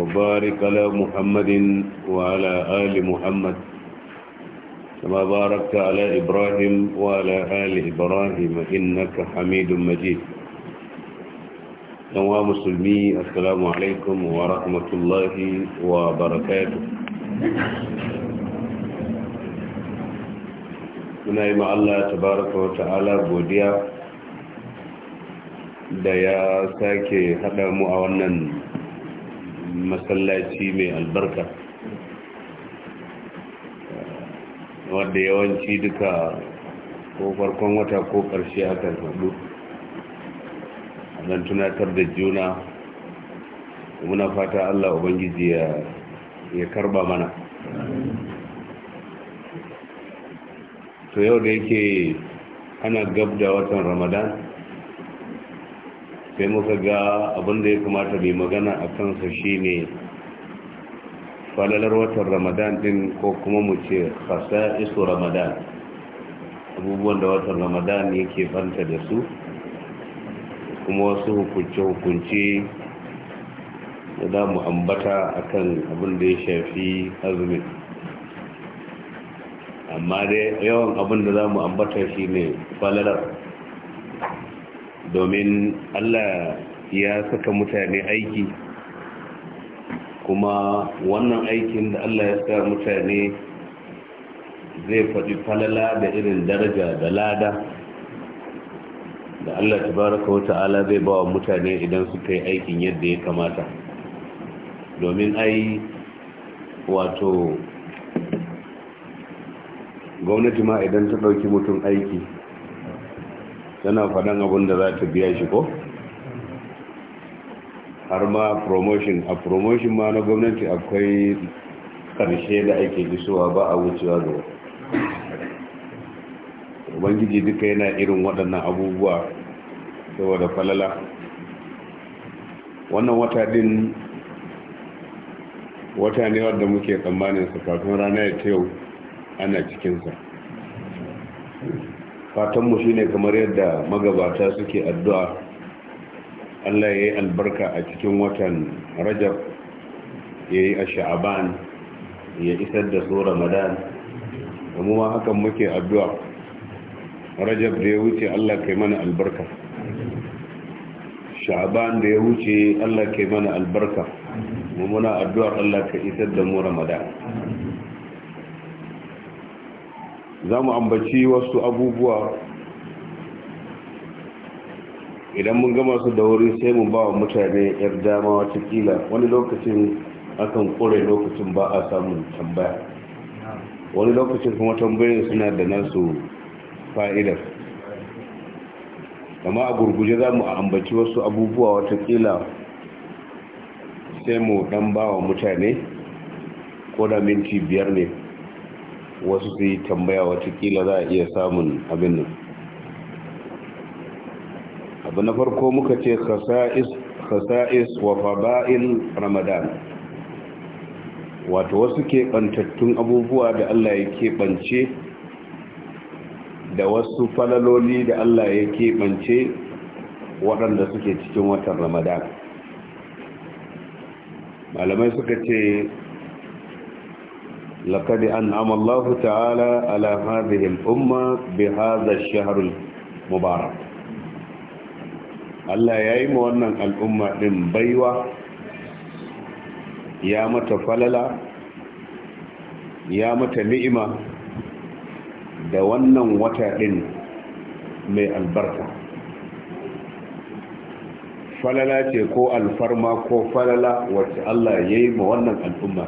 وبارك على محمد وعلى آل محمد كما باركت على إبراهيم وعلى آل إبراهيم إنك حميد مجيد نوا مسلمي السلام عليكم ورحمة الله وبركاته muna yi Allah tabaraka wa ta'ala godiya da ya sake haɗa mu a wannan masallaci mai albarka wadda yawanci duka ko farkon wata ko ƙarshe aka haɗu don tunatar da juna muna fata allah ubangiji ya karba mana to yau da yake ana gab da watan ramadan sai muka ga abin da ya kamata mai magana a kansa ne falalar watan ramadan din ko kuma mu ce fasa iso ramadan abubuwan da watan ramadan yake fanta da su kuma wasu hukunce-hukunce da za mu ambata akan abin da ya shafi azumin amma dai yawan abin da za mu ambata shi ne falalar domin Allah ya saka mutane aiki kuma wannan aikin da Allah ya saka mutane zai faɗi falala da irin daraja da lada da Allah tabaraka wa ta'ala zai ba wa mutane idan suka yi aikin yadda ya kamata domin ai wato gwamnati ma idan ta ɗauki mutum aiki tana faɗan abin da za ta biya shi ko har ma promotion a promotion ma na gwamnati akwai ƙarshe da ake gisowa ba a wucewa zuwa ubangiji duka yana irin waɗannan abubuwa saboda falala wannan wata din wata ne wadda muke tsammanin kafin rana ya yau ana cikinsa fatanmu ne kamar yadda magabata suke addu'a allah ya yi albarka a cikin watan rajab ya yi a sha'aban ya isar da su ramadan kuma hakan muke addu'a rajab da ya wuce allah kai mana albarka sha'aban da ya wuce allah kai mana albarka mu muna addu'ar allah ka isar da mu ramadan za mu ambaci wasu abubuwa idan mun gama su da wuri sai mu ba wa mutane yar dama watakila wani lokacin akan kore lokacin ba a samun tambaya wani lokacin kuma tambayin suna da nasu fa'idar amma a gurguje za mu ambaci wasu abubuwa watakila sai mu dan ba wa mutane ko da minti biyar ne wasu su yi tambaya watakila za a iya samun abin nan abu na farko muka ce khasa'is wa faba'in ramadan wato wasu keɓantattun abubuwa da allah ya keɓance da wasu falaloli da allah ya keɓance waɗanda suke cikin watan ramadan malamai suka ce لقد أنعم الله تعالى على هذه الأمة بهذا الشهر المبارك الله يأيم أن الأمة من بيوة يا متفللة يا متنئمة da wannan wata ɗin mai albarka falala ce ko alfarma ko falala wacce Allah ya yi ma wannan al'umma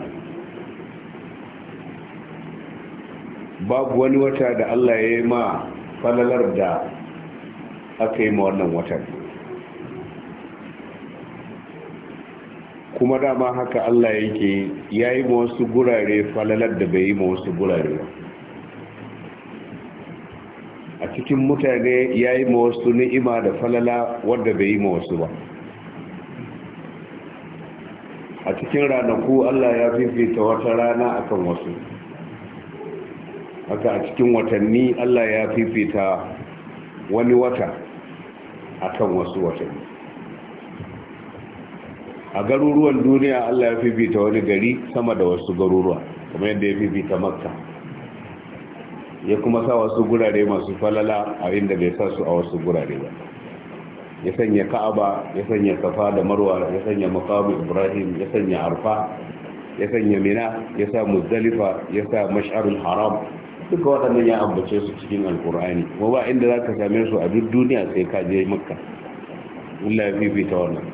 babu wani wata da Allah ya yi ma falalar da aka yi ma wannan watan kuma dama haka Allah yake ya yi ma wasu gurare falalar da bai yi ma wasu gurare a cikin mutane ya yi ma wasu ni'ima da falala wadda bai yi ma wasu ba a cikin ranaku Allah ya fifita wata rana akan wasu haka a cikin watanni Allah ya fifita wani wata a kan wasu watanni a garuruwan duniya Allah ya fifita wani gari sama da wasu garuruwa kuma yadda ya fifita makka ya kuma sa wasu gurare masu falala a inda bai sa su a wasu gurare ba ya sanya ka'aba ya sanya safa da marwa ya sanya makamu ibrahim ya sanya arfa ya sanya mina ya sa muzdalifa ya sa mash'arul haram duka waɗannan ya ambace su cikin alkur'ani kuma ba inda za ka same su a duk duniya sai ka je makka Allah ya fifita wannan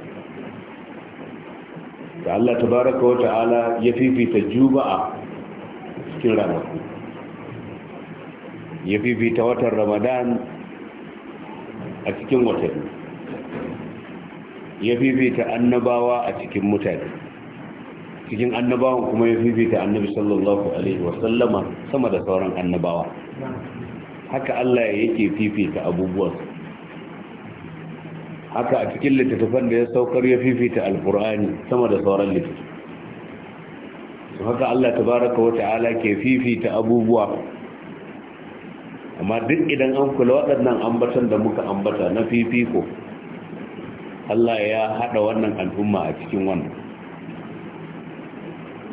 da Allah baraka wa ta'ala ya fifita juma'a cikin ranaku ya fifita watan ramadan a cikin watanni ya fifita annabawa a cikin mutane cikin annabawan kuma ya fifita annabi sallallahu alaihi wasallama sama da sauran annabawa haka Allah yake fifita abubuwan haka a cikin littattafan da ya saukar ya fifita alkur'ani sama da sauran littattafan haka Allah tabaraka wa ta'ala ke fifita abubuwa amma duk idan an kula waɗannan ambatan da muka ambata na fifiko Allah ya haɗa wannan al'umma a cikin wannan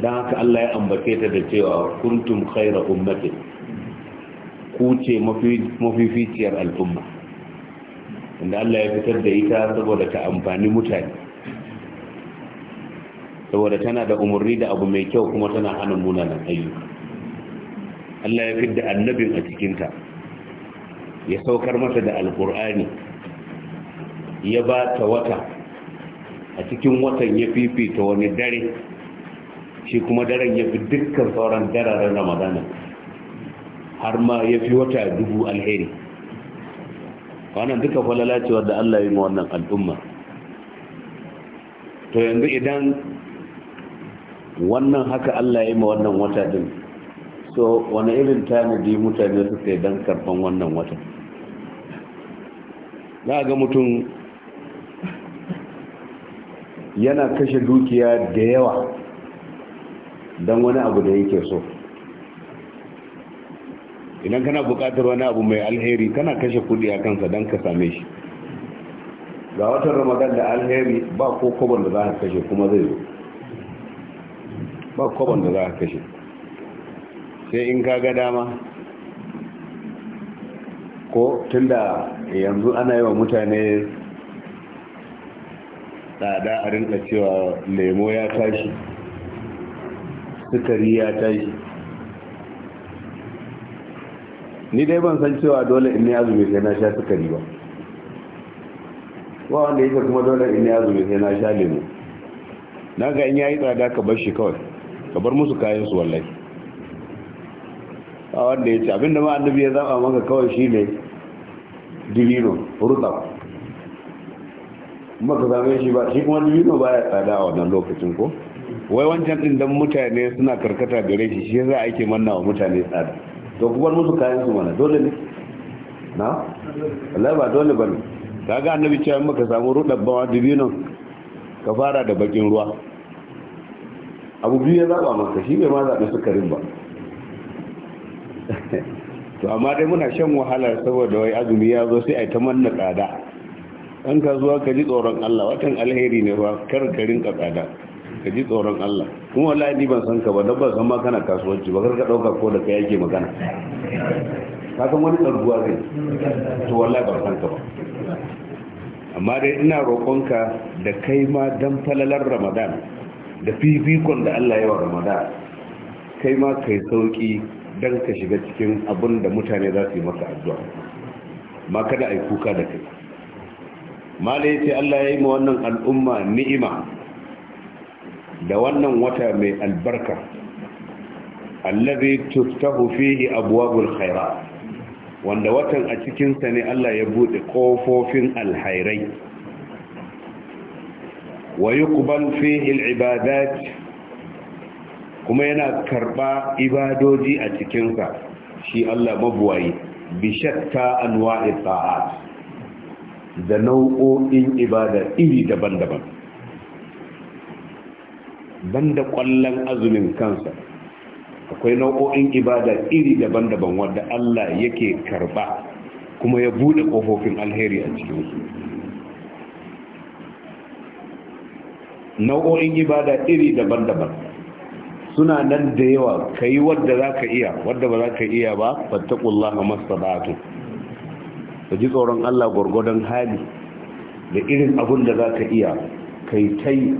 don haka Allah ya ambace ta da cewa kuntum khaira ummatin ku ce mafificiyar al'umma inda Allah ya fitar da ita saboda ta amfani mutane saboda tana da umarni da abu mai kyau kuma tana hana munanan ayyuka Allah ya fitar da annabin a cikinta ya saukar masa da alkur'ani ya ba ta wata a cikin watan ya fifita wani dare shi kuma daren ya fi dukkan sauran dararen ramadana har ma ya fi wata dubu alheri wannan duka falala ce wadda Allah yi ma wannan al'umma to yanzu idan wannan haka Allah yi ma wannan wata din so wani irin tanadi mutane su sai don karban wannan wata za ga mutum yana kashe dukiya da yawa don wani abu da yake so idan kana bukatar wani abu mai alheri kana kashe kudi a kansa don ka same shi ga watan ramadan da alheri ba ko kobon da za a kashe kuma zai zo ba kobon da za a kashe sai in ka ga dama ko tunda yanzu ana yi wa mutane tsada a rinka cewa lemo ya tashi sukari ya tashi ni dai ban san cewa dole in ya azumi sai na sha sukari ba ba wanda yake kuma dole in ya azumi sai na sha lemu na ga in ya yi tsada ka bar shi kawai ka bar musu kayan su wallahi a wanda ya ce abinda ma annabi ya zaba maka kawai shi ne divino rutab maka zama shi ba shi kuma divino baya tsada a wannan lokacin ko wai wancan din dan mutane suna karkata gare shi shi yasa ake manna wa mutane tsada to kuma musu kayan su mana dole ne na Allah ba dole ba ne kaga annabi cewa maka samu rudabbawa dibino ka fara da bakin ruwa abu biyu ya zaba maka shi bai ma zaɓi sukarin ba to amma dai muna shan wahala saboda wai azumi ya zo sai a ta manna tsada an ka zuwa ka ji tsoron Allah watan alheri ne ba kar ka rinka tsada ka ji tsoron Allah kuma wallahi ni ban san ka ba dabba san ma kana kasuwanci ba karka dauka ko da kai yake magana ka san wani karbuwa zai to wallahi ban san ka ba amma dai ina roƙonka da kai ma dan falalar Ramadan da fifikon da Allah ya wa Ramadan kai ma kai sauki dan ka shiga cikin abin da mutane za su yi maka addu'a ma kada ai kuka da kai mala ce Allah ya yi ma wannan al'umma ni'ima da wannan wata mai albarka allazi tuftahu fihi abwabul khairat wanda watan a cikin sa ne Allah ya bude kofofin alhairai wa yuqbal fihi alibadat kuma yana karba ibadoji a cikin sa shi Allah mabuwayi bi shatta anwa'i ta'at da nau'o'in ibada iri daban-daban banda kwallon azumin kansa akwai nau'o'in ibada iri daban-daban wadda Allah yake karba kuma ya bude kofofin alheri a cikin su nau'o'in ibada iri daban-daban suna nan da yawa kai yi wadda za ka iya wadda ba za ka iya ba fattakullah masabatu ka ji tsoron allah gwargwadon hali da irin abun da za iya kai tai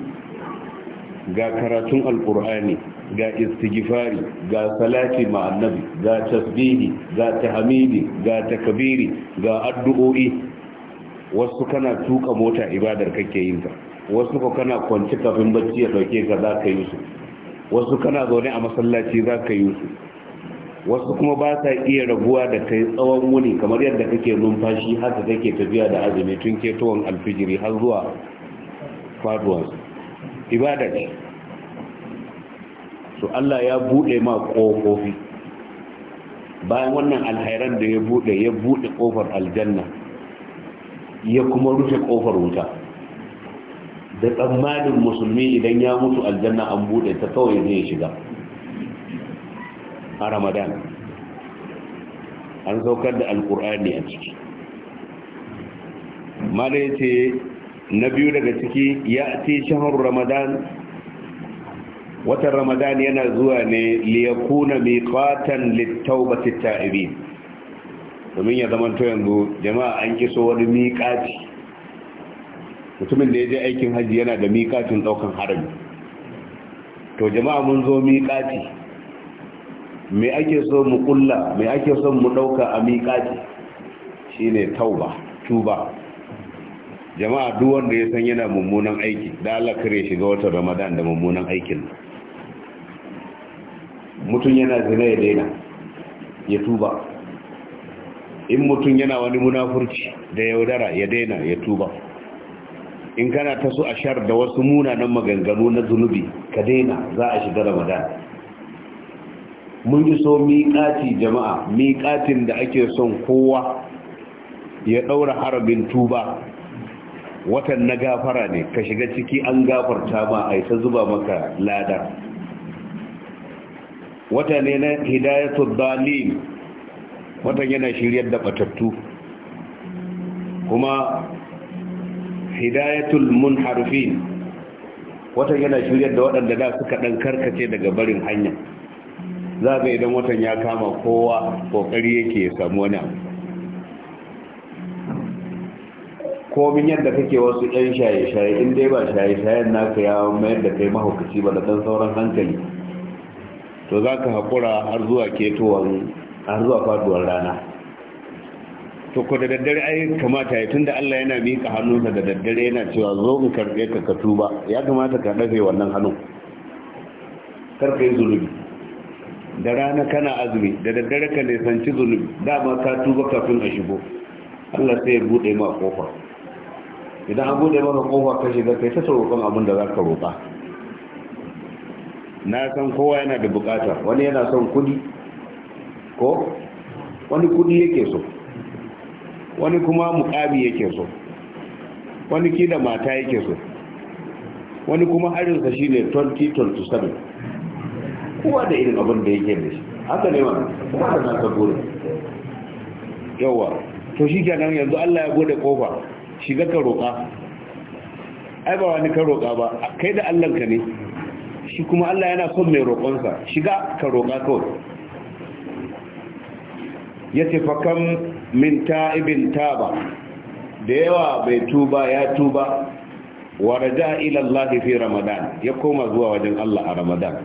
ga karatun alkur'ani ga istighfari ga salati ma annabi ga tasbihi ga tahmidi ga takbiri ga addu'o'i wasu kana tuka mota ibadar kake yin ta wasu ko kana kwanci kafin bacci ya dauke ka za ka yi su wasu kana zaune a masallaci za ka yi su wasu kuma ba sa iya rabuwa da kai tsawon wuni kamar yadda kake numfashi haka kake tafiya da azumi tun ketowar alfijiri har zuwa faduwarsu ibada ne Allah ya buɗe ma ƙofofi bayan wannan alhairan da ya buɗe ya buɗe ƙofar aljanna ya kuma rufe ƙofar wuta da tsammanin musulmi idan ya mutu aljanna an buɗe ta kawai zai shiga a ramadan an saukar da alkur'ani a ciki da ya ce na biyu daga ciki ya ce shahar ramadan watan ramadan yana zuwa ne liyakuna miqatan littaubati ta'ibi domin ya zama to yanzu jama'a an kiso wani miƙaci. mutumin da ya je aikin hajji yana da miƙacin ɗaukan harami to jama'a mun zo miƙaci, me ake so mu ƙulla? me ake so mu ɗauka a miƙaci? Shi ne tauba tuba jama'a duk wanda ya san yana mummunan aiki da Allah kare shiga watan Ramadan da mummunan aikin mutum yana zina ya daina ya tuba in mutum yana wani munafurci da yaudara ya daina ya tuba in kana ta so a shar da wasu munanan maganganu na zunubi ka daina za a shiga Ramadan mun yi so miƙati jama'a miƙatin da ake son kowa ya ɗaura harabin tuba watan na gafara ne ka shiga ciki an gafarta ma a isa zuba maka lada wata ne na hidayatul dalil watan yana shiryar da batattu kuma hidayatul munharifin watan yana shiryar da waɗanda da suka ɗan karkace daga barin hanya za ga idan watan ya kama kowa ƙoƙari yake ya samu wani abu komin yadda kake wasu yan shaye-shaye in dai ba shaye-shayen naka yawon mayar da kai mahaukaci ba da ɗan sauran hankali to za ka haƙura har zuwa ketowar har zuwa faduwar rana to ko da daddare ai kamata ya tunda Allah yana miƙa hannunsa da daddare yana cewa zo in karɓe ka ka tuba ya kamata ka ɗafe wannan hannun kar ka zunubi da rana kana azumi da daddare ka nisanci zunubi dama ka tuba kafin a shigo Allah sai ya buɗe ma kofa idan an bude mana kofa ka shiga kai ta roƙon abin da za ka roƙa na san kowa yana da bukata wani yana son kudi ko wani kudi yake so wani kuma mukabi yake so wani kila mata yake so wani kuma harinsa shi ne 2027 kowa da irin abin da yake da shi haka ne wani kuma da nasa burin yawa to shi kenan yanzu allah ya bude kofa shiga ka roƙa ai ba wani ka roƙa ba kai da ka ne shi kuma allah yana son mai roƙonsa shiga ka roƙa kawai ya ce kan min ta'ibin taba da yawa bai tuba ya tuba wa raja ilallahi fi ramadan ya koma zuwa wajen allah a ramadan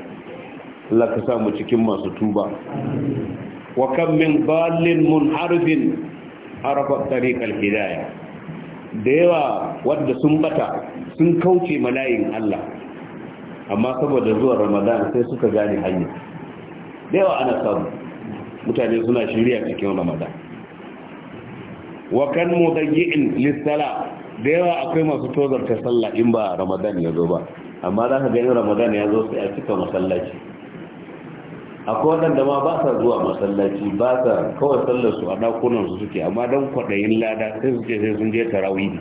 allah ka samu cikin masu tuba wa kan min balin munharifin arafa tariqal hidayah da yawa wadda sun bata sun kauce malayin Allah amma saboda zuwa ramadan sai suka gane hanyar, da yawa ana samu mutane suna shirya cikin ramadan wa kan yi'in lissala da yawa akwai masu tozarta sallah in ba ramadan ya zo ba amma za ka gani ramadan ya zo sai a cika masallaci akwai waɗanda ma ba sa zuwa masallaci ba sa kawai sallarsu a su suke amma don kwaɗayin lada sai suke sai sun je tarawih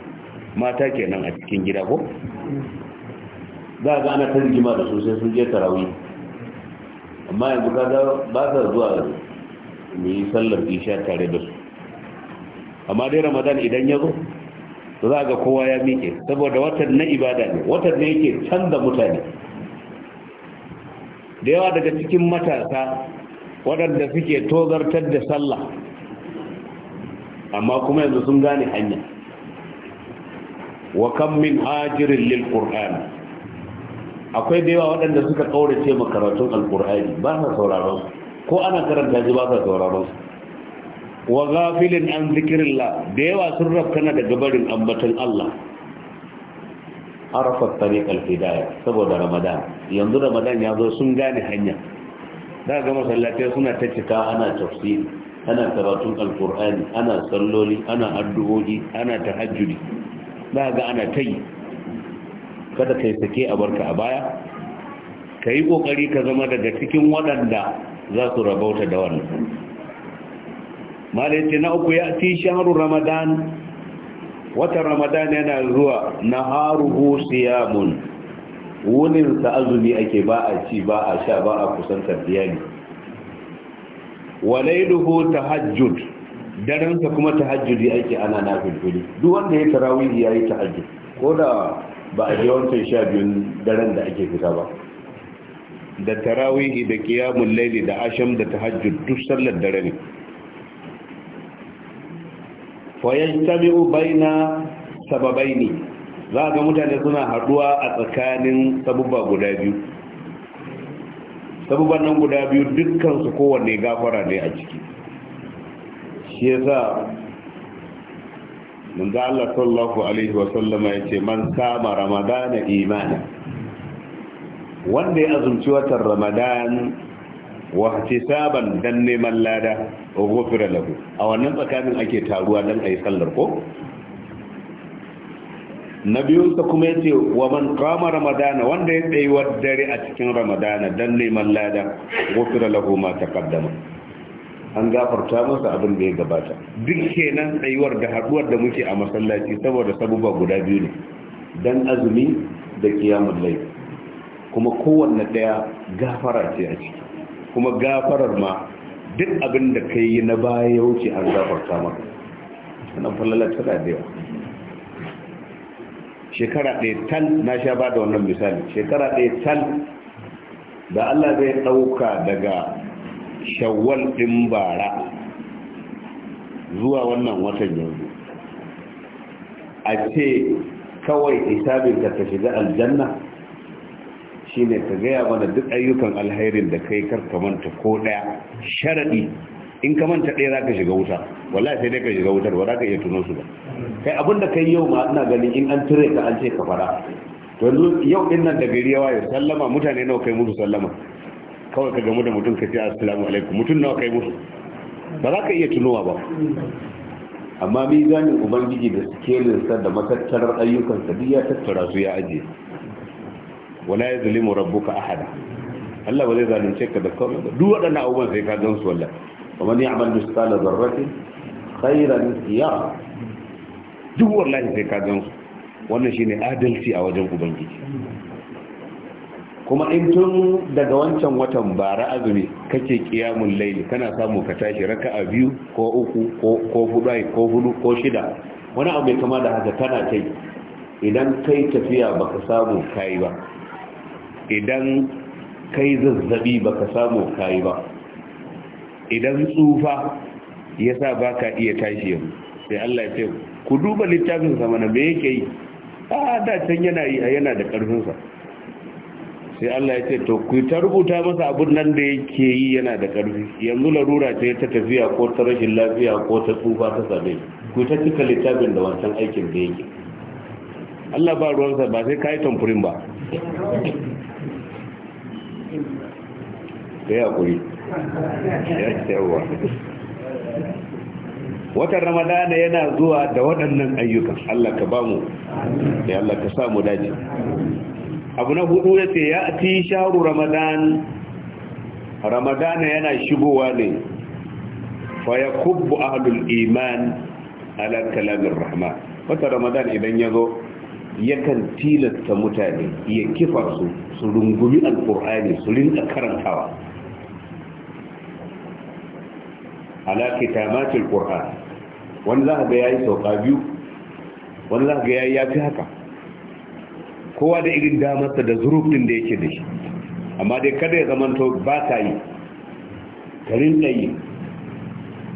mata kenan a cikin gida ko za ga ana ta rigima da su sai sun je tarawih amma yanzu kaga ba sa zuwa mu yi sallar isha tare da su amma dai ramadan idan ya zo za ga kowa ya miƙe saboda watan na ibada ne watan ne yake canza mutane da yawa daga cikin matasa waɗanda suke tozartar da sallah amma kuma yanzu sun gane hanya wa kan min hajirin lil ƙur'ani. akwai da yawa waɗanda suka kaurace makarantun alqur'ani ba sa sauraron su, ko ana karanta shi ba sa sauraron su. wa gafilin an zikirin la, da yawa sun rafkana da gabarin ambaton Allah arafat tariqal hidayah saboda ramadan yanzu ramadan ya zo sun gane hanya da ga masallatai suna ta cika ana tafsiri ana karatun alqur'ani ana salloli ana addu'o'i ana tahajjudi da ga ana yi. kada kai sake a barka a baya kai kokari ka zama daga cikin waɗanda za su rabauta da wannan malai ce na uku ya ti shahru ramadan watan ramadan yana zuwa haruhu siyamun wunin sa azumi ake ba a ci ba a sha ba a kusantar ne. walailuhu tahajjud daren sa kuma tahajjudi ake ana nafilfili duk wanda ya ya yayi tahajjud ko da ba a je wancan sha biyun daren da ake fita ba da tarawihi da kiyamun laili da asham da tahajjud duk sallar dare ne fayajtami'u baina ne za ga mutane suna haduwa a tsakanin sabubba guda biyu sabubban nan guda biyu dukkan su kowanne gafara ne a ciki shi yasa manzo Allah sallallahu alaihi wa sallama yace man kama ramadana imani wanda ya azumci watan ramadan wa hisaban dan neman lada a lahu a wannan tsakanin ake taruwa dan ayi sallar ko na biyun kuma yace wa man qama ramadana wanda ya tsayi wa dare a cikin ramadana dan neman lada ghufira lahu ma taqaddama an gafarta masa abin da ya gabata duk kenan tsayuwar da haduwar da muke a masallaci saboda sabuba guda biyu ne dan azumi da kiyamul layl kuma kowanne daya gafara ce a ciki kuma gafarar ma duk abin da ka yi na baya ya wuce an gafarta ma sannan falala tana da yawa shekara ɗaya tal na sha ba da wannan misali shekara ɗaya tal da Allah zai ɗauka daga shawwal ɗin bara zuwa wannan watan yanzu a ce kawai hisabinka ta shiga aljanna shine ka gaya mana duk ayyukan alhairin da kai kar ka manta ko daya sharadi in ka manta ɗaya za ka shiga wuta wallahi sai dai ka shiga wutar ba za ka iya tuno su ba kai abin da kai yau ma ina ganin in an tire ka an ce ka fara to yanzu yau din nan da gari ya waye sallama mutane nawa kai musu sallama kawai ka gamu da mutum ka ce assalamu alaikum mutum nawa kai musu ba za ka iya tunowa ba amma mizanin ubangiji da sikelin sa da matattarar ayyukansa duk ya tattara su ya ajiye wala ya zulimu rabbuka ahada Allah ba zai zalunce ka da komai ba duk waɗannan abubuwan sai ka gansu wallah wa man ya'mal mithqala dharratin khairan yara duk wallahi sai ka gansu wannan shine adalci a wajen ubangiji kuma in tun daga wancan watan bara azumi kake kiyamun layl kana samu ka tashi raka'a biyu ko uku ko hudu ko hudu ko shida wani abu mai kama da haka kana kai idan kai tafiya baka samu kai ba idan kai zazzabi baka samu kai ba idan tsufa ya sa ba ka iya tashi yau sai Allah ya ce ku duba littafin sa mana me yake yi a da can yana yi yana da karfin sa sai Allah ya ce to ku ta rubuta masa abun nan da yake yi yana da karfi yanzu larura ce ta tafiya ko ta rashin lafiya ko ta tsufa ta sabe ku ta cika littafin da wancan aikin da yake Allah ba ruwansa ba sai kai tamfurin ba ka yi ya ce yawa watan ramadana yana zuwa da waɗannan ayyukan Allah ka mu da Allah ka samu daji abu na hudu ya ce ya ati sharu ramadan ramadana yana shigowa ne fa ya kubbu ahlul iman ala kalamin rahma watan ramadan idan ya zo yakan tilasta mutane ya kifa su su rungumi alkur'ani su rinka karantawa ala kitamatil qur'an wani za ka ga yayi sauka biyu wani za ka ga yayi yafi haka kowa da irin damarsa da zurufin da yake da shi amma dai kada ya zamanto ba ka yi ka rinka yi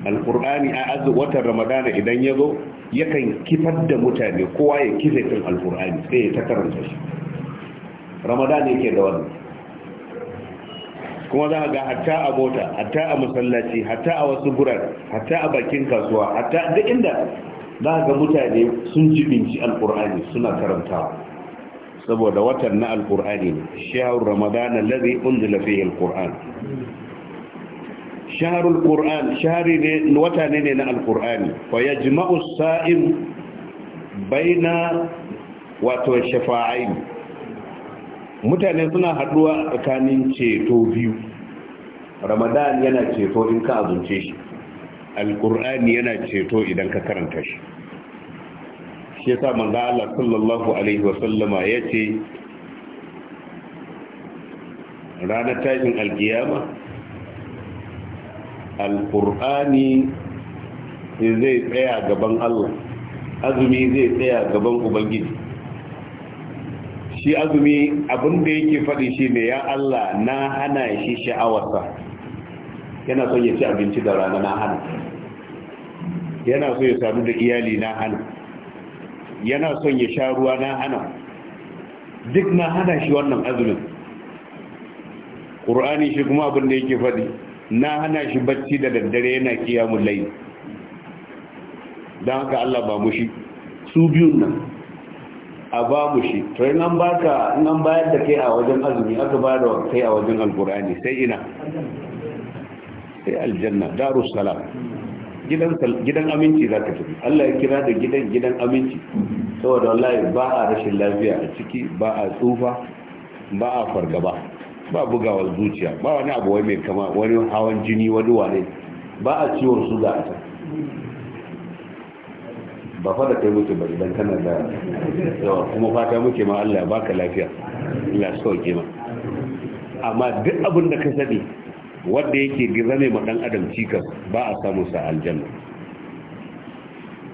alkur'ani a azu watan ramadana idan ya zo yakan kifar da mutane kowa ya kifar kan Alƙur'ani sai ya ta karanta shi ramadana yake da wannan kuma za ga hatta a mota hatta a masallaci hatta a wasu gurar hatta a bakin kasuwa hatta duk inda za ga mutane sun jibinci alkur'ani suna karantawa saboda watan na alkur'ani ne shahar ramadan allazi unzila fihi alkur'an shaharul qur'an shahari ne wata ne na alkur'ani fa yajma'u sa'im baina wato shafa'ain mutane suna haɗuwa a tsakanin ceto biyu ramadan yana ceto in ka azumce shi alkur'ani yana ceto idan ka karanta shi shi yasa manzo Allah sallallahu alaihi wa sallama yace ranar tashin alkiyama alkur'ani zai tsaya gaban Allah azumi zai tsaya gaban ubangiji shi azumi da yake faɗi shi ne ya Allah na hana shi sha'awarsa yana son ya ci abinci da rana na hana yana so ya sadu da iyali na hana yana son ya sha ruwa na hana duk na hana shi wannan azumin ƙur'ani shi kuma abin da yake faɗi na hana shi bacci da daddare yana kiyamun layi don haka Allah ba mushi su biyun nan a ba mu shi to nan baka in an bayar da kai a wajen azumi aka ba da kai a wajen alkur'ani sai ina sai aljanna darus salam gidan gidan aminci za ka tafi Allah ya kira da gidan gidan aminci saboda wallahi ba a rashin lafiya a ciki ba a tsufa ba a fargaba ba bugawa zuciya ba wani abu wai mai kama wani hawan jini wani wane ba a ciwon suga a ba fada kai muke ba idan kana da yawa kuma fata muke ma Allah ya baka lafiya Allah ya sauke ma amma duk abin da ka sani wanda yake zame ma dan adam cikas ba a samu sa aljanna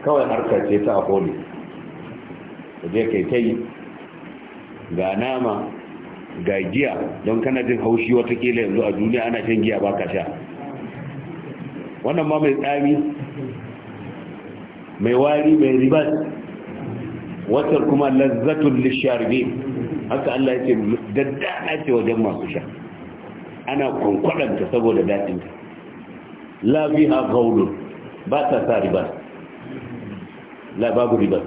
kawai harka ce ta akoli je kai kai ga nama ga giya don kana jin haushi kila yanzu a duniya ana shan giya baka sha wannan ma mai tsami mai wari mai ribas watar kuma lazzatun lisharbi haka Allah yake daddana ce wajen masu sha ana kwankwadanta saboda daɗinta la fiha gaulun ba ta sa ribas la babu ribas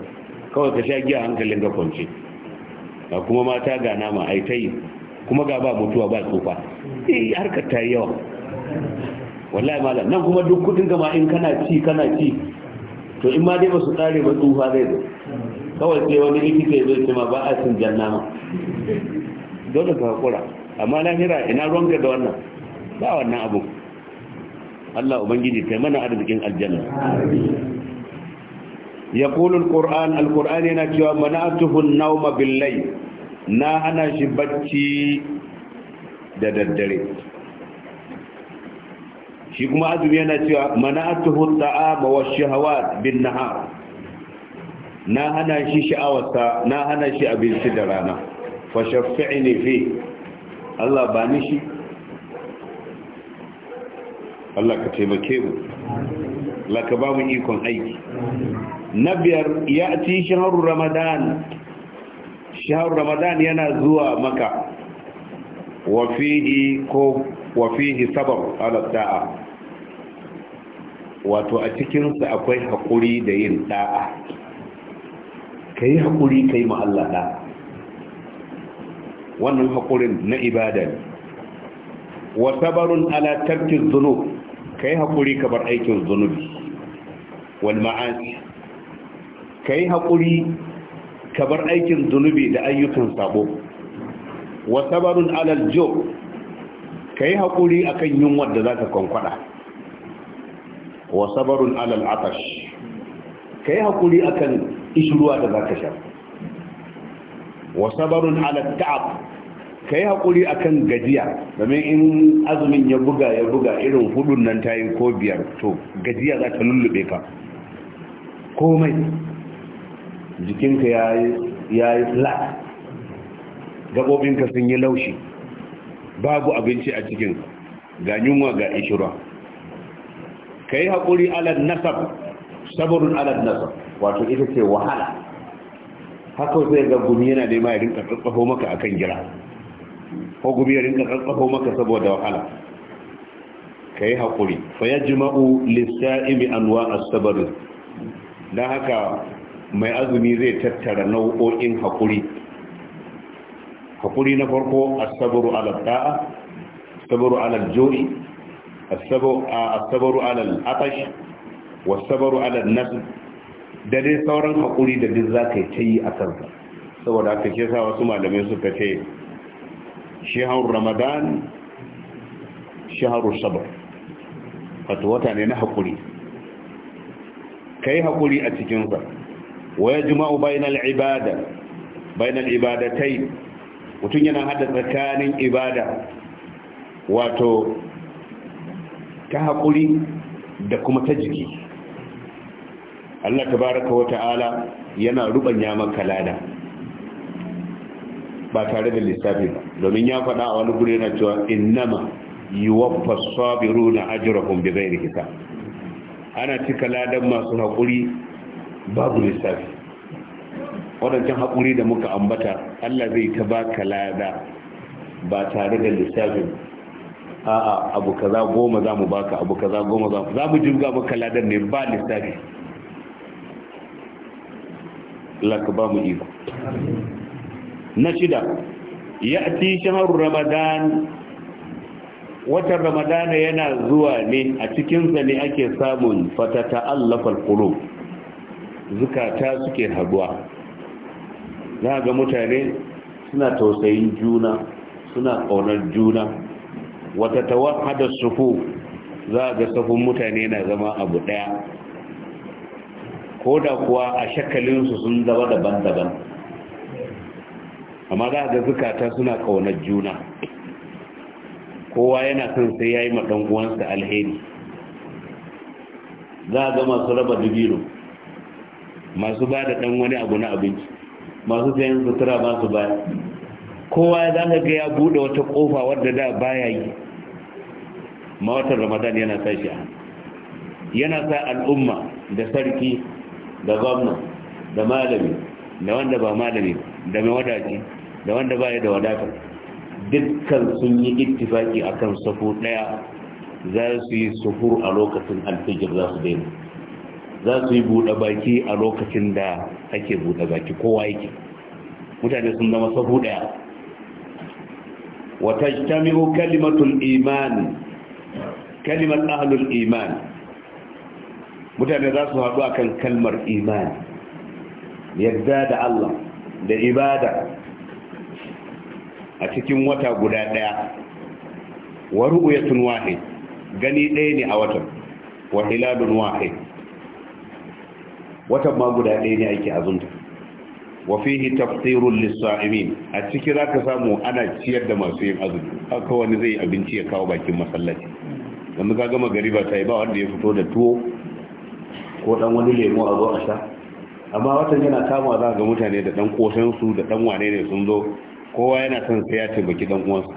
kawai ka sha giya hankalin ga kwance A kuma mata ga nama ai ta yi kuma ga ba mutuwa ba tsufa eh harkar ta yi yawa wallahi malam nan kuma duk kudin gama in kana ci kana ci to in ma dai ba su tsare ba tsufa zai zo kawai sai wani likita ya zo ce ma ba a cin janna ma dole ka hakura amma lahira ina ruwanka da wannan ba wannan abu Allah ubangiji kai mana arzikin aljanna ya kulun ƙur'an yana cewa mana'atuhun nauma billai na ana shi bacci da daddare shi kuma azumi yana cewa mana'atuhu ta'ama wa shahawat bin nahar na hana shi sha'awarsa na hana shi abinci da rana fa shaffi'ni fi Allah ba ni shi Allah ka taimake mu Allah ka ba mu ikon aiki na biyar ya ci shaharu ramadan shaharu ramadan yana zuwa maka wa fihi ko wa fihi sabab ala da'a wato a cikinsu akwai haƙuri da yin ɗa'a ka yi haƙuri ka yi Allah ɗa'a wannan haƙurin na ibada ne wasabarun ala tarkin zunub ka yi haƙuri ka bar aikin zunubi wal ma'asi ka yi haƙuri ka bar aikin zunubi da ayyukan sabo wasabarun alal alaljo ka yi haƙuri akan yunwar da za ka kwankwada wa sabarun alal atash ka yi haƙuri a kan ishiruwa da za ka sha wa sabarun alal ta'ab ka yi haƙuri a kan gajiya domin in azumin ya buga ya buga irin hudun nan ta yi ko biyar to gajiya za ta lullube ka komai jikinka ya yi flat gaɓoɓinka sun yi laushi babu abinci a cikin ga yunwa ga ishirwa ka yi haƙuri alal nasab saburin alal nasab wato ita ce wahala haka zai ga gumi yana nema ya rinka tsatsaho maka akan gira ko gumi ya rinka tsatsaho maka saboda wahala ka yi haƙuri fa ya jima'u lissa'imi anwa asabarin don haka mai azumi zai tattara nau'o'in haƙuri haƙuri na farko asabaru alal ta'a sabaru alal jo'i asabaru alal atash wasabaru alal nasu da dai sauran haƙuri da duk za ka yi ta yi a kansa saboda aka ke sa wasu malamai suka ce shehar ramadan shaharu sabar wato wata ne na haƙuri ka yi haƙuri a cikinsa waya juma'u bainal ibada bainal ibadatai mutum yana hada tsakanin ibada wato ta haƙuri da kuma ta jiki Allah tabaraka wa ta'ala yana rubanya maka lada ba tare da lissafi ba domin ya faɗa a wani guri yana cewa innama yuwaffa sabiruna ajrahum zai hisab ana cika ladan masu haƙuri babu lissafi waɗancan haƙuri da muka ambata Allah zai ta baka lada ba tare da lissafi a'a abu kaza goma za mu baka abu kaza goma za mu za mu jirga maka ladan ne ba lissafi Allah ka ba mu iko na shida ya ci shahar ramadan watan ramadan yana zuwa ne a cikinsa ne ake samun fatata Allah qulub zukata suke haduwa za ga mutane suna tausayin juna suna ƙaunar juna wata tawahada sufu za ga sufun mutane na zama abu daya ko da kuwa a shakalinsu sun zama daban-daban amma za ga zukata suna kaunar juna kowa yana son sai ya yi maɗan uwansa alheri za ga masu raba dubiro masu ba da ɗan wani abu na abinci masu sayan sutura masu ba kowa za ka ga ya buɗe wata ƙofa wadda da baya yi ma watan ramadan yana sa shi a yana sa al'umma da sarki da gwamna da malami da wanda ba malami da mai wadaci da wanda ba ya da wadatar dukkan sun yi ittifaki akan safu daya za su yi suhur a lokacin alfijir za su daina za su yi buɗe baki a lokacin da ake buɗe baki kowa yake mutane sun zama safu daya wata jami'o kalimatul imani kalimar ahlul iman mutane za su haɗu akan kalmar iman, yadda da Allah da ibada a cikin wata guda ɗaya wa ru'yatun wahid gani ɗaya ne a watan wa hilalun wahid watan ma guda ɗaya ne ake azunta wa fihi tafsirul lisaimin a ciki zaka samu ana ciyar da masu yin azumi haka wani zai abinci ya kawo bakin masallaci yanzu ka gama gari ba ta ba wanda ya fito da tuwo ko dan wani lemo a zo a sha amma watan yana kama za ga mutane da dan kosan su da dan wane ne sun zo kowa yana son sai ya taimaki dan uwansu.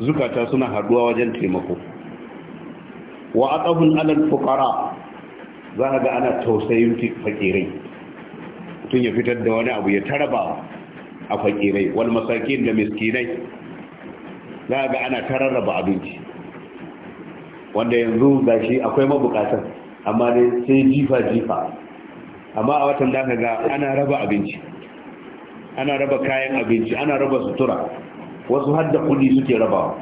zukata suna haduwa wajen taimako wa aqafun alal fuqara za ga ana tausayin fakirai mutum ya fitar da wani abu ya taraba a fakirai wani masakin da miskinai za ga ana tararraba abinci wanda yanzu gashi akwai mabukatar, amma ne sai jifa jifa amma a watan da ga ana raba abinci ana raba kayan abinci ana raba sutura wasu hadda kudi suke rabawa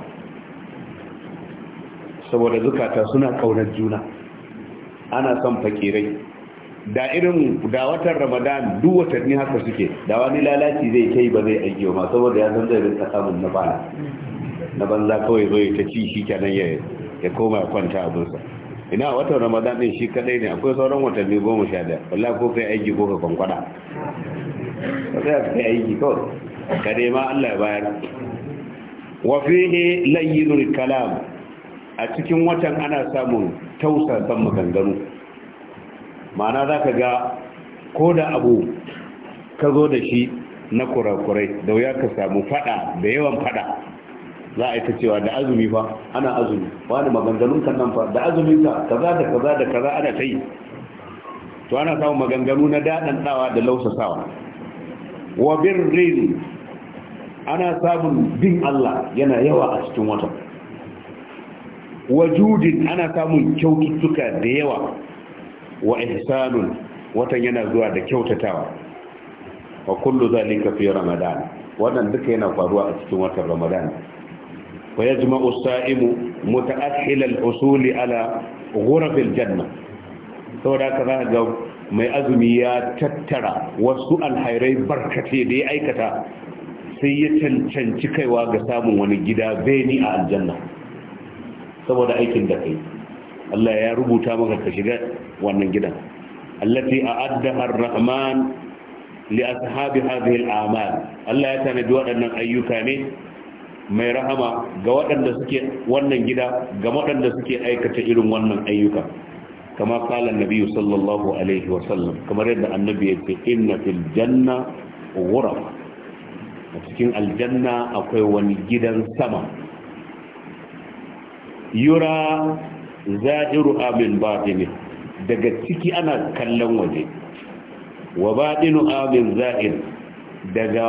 saboda zukata suna kaunar juna ana son fakirai da irin da watan ramadan duk watanni haka suke da wani lalaci zai kai ba zai aiki ba saboda ya san zai rinka samun na bana na banza kawai zai ta ci shi kenan ya ya koma ya kwanta a bursa ina watan ramadan din shi kadai ne akwai sauran watanni goma sha daya wallahi ko kai aiki ko ka kwankwada ba sai ka kai aiki kawai ka ma Allah ya bayar wa fihi layyinul kalam a cikin watan ana samun tausasan maganganu ma'ana za ka ga ko da abu ka zo da shi na kurakurai da wuya ka samu fada da yawan fada za a yi ta cewa da azumi fa ana azumi wani maganganun kan nan fa da azumin ka kaza da kaza da kaza ana ta yi to ana samun maganganu na daɗin ɗawa da lausasawa wa rini ana samun bin Allah yana yawa a cikin wata wajudin ana samun kyaututtuka da yawa wa ihsanun watan yana zuwa da kyautatawa wa kullu zalika fi ramadan wannan duka yana faruwa a cikin watan ramadan wa yajma'u saimu al-usuli ala ghuraf al-janna saboda haka za ga mai azumi ya tattara wasu alhairai barkace da ya aikata sai ya cancanci kaiwa ga samun wani gida beni a aljanna saboda aikin da kai Allah ya rubuta maka ka shiga wannan gidan allati a'addaha ar-rahman li ashabi hadhihi al-a'mal Allah ya tanadi waɗannan ayyuka ne mai rahama ga waɗanda suke wannan gida ga waɗanda suke aikata irin wannan ayyuka kama kala nabi sallallahu alaihi wa sallam kamar yadda annabi ya ce inna fil janna ghuraf a cikin aljanna akwai wani gidan sama yura zahiru amin batini daga ciki ana kallon waje wa batinu amin zahir daga